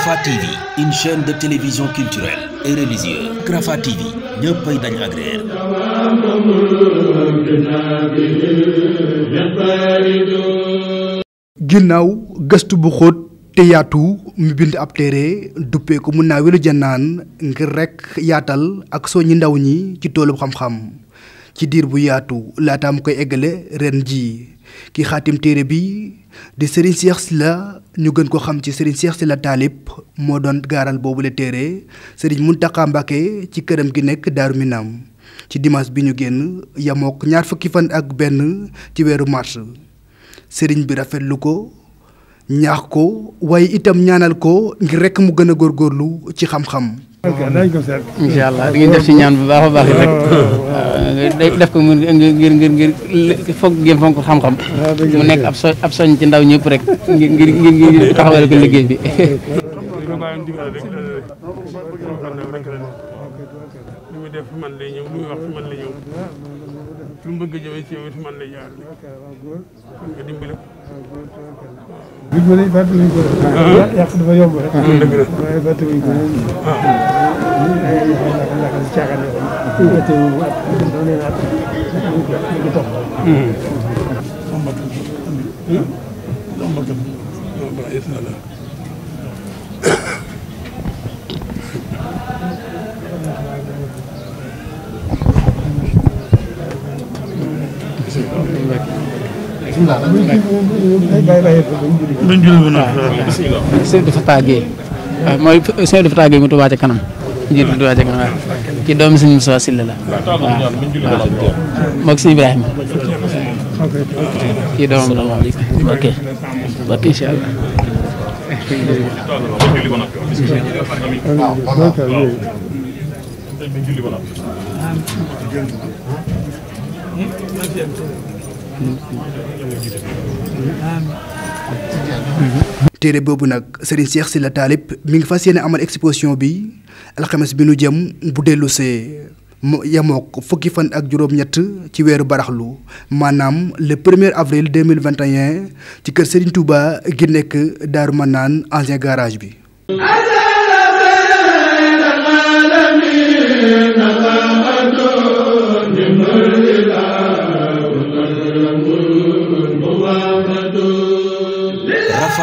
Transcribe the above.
Rafah ginnaaw gëstu bu xóot te yaatu mu bind ab téere duppee ko mun naa welu jannaan ngir rekk yaatal ak soññi ndaw ñi ci toolu xam-xam ci diir bu yaatu laata mu koy eggale ren ji ki xaatim téere bi di Serigne Cheikh Sylla ñu gën ko xam ci Serigne Cheikh Sylla Taalib moo doon gaaral boobu la téere Serigne Mountakha Mbacké ci këram gi nekk Daaru Minam ci dimaas bi ñu génn yamook ñaar fukki fan ak benn ci weeru mars Serigne bi rafet lu ko ñaax ko waaye itam ñaanal ko ngir rekk mu gën a góorlu ci xam-xam incha allah di ngeen def ci ñaan bu baax a baax rek def ko ngir ngir ngir foog ngeen fonk xam-xam mu nekk ab so ab soñ ci ndaw ñëpp rek ngir ngir ngir taxawale ko liggéey bi fi mu bëgg a jëmee ci yow it man la ñëwaat. waaw góor. mën nga dimbale. waaw góor tool bi. biir bàtt nañ ko rek. yàq dafa yomb rek. dëgg la waaye bàtt nañ ko rek. waaw. ñu ngi sëñ dafa tàggee waaw ah, mooy sëñ dafa tàggee mu Touba ca kanam njiitu Touba ca kanam waaw ci doomi sëñ Moussa Sylla la waaw waaw moog si Ibrahima ci doomam la waaw ok ok incha allah waaw téere boobu nag Serigne si Sylla Taalib mi ngi fas yéene amal exposition bi alxames bi nu jëm bu dellusee see yemook fukki fan ak juróom-ñett ci weeru baraxlu maanaam le 1er avril 2021 ci kër Serigne Touba gi nekk Daaru Manaan ancien garage bi.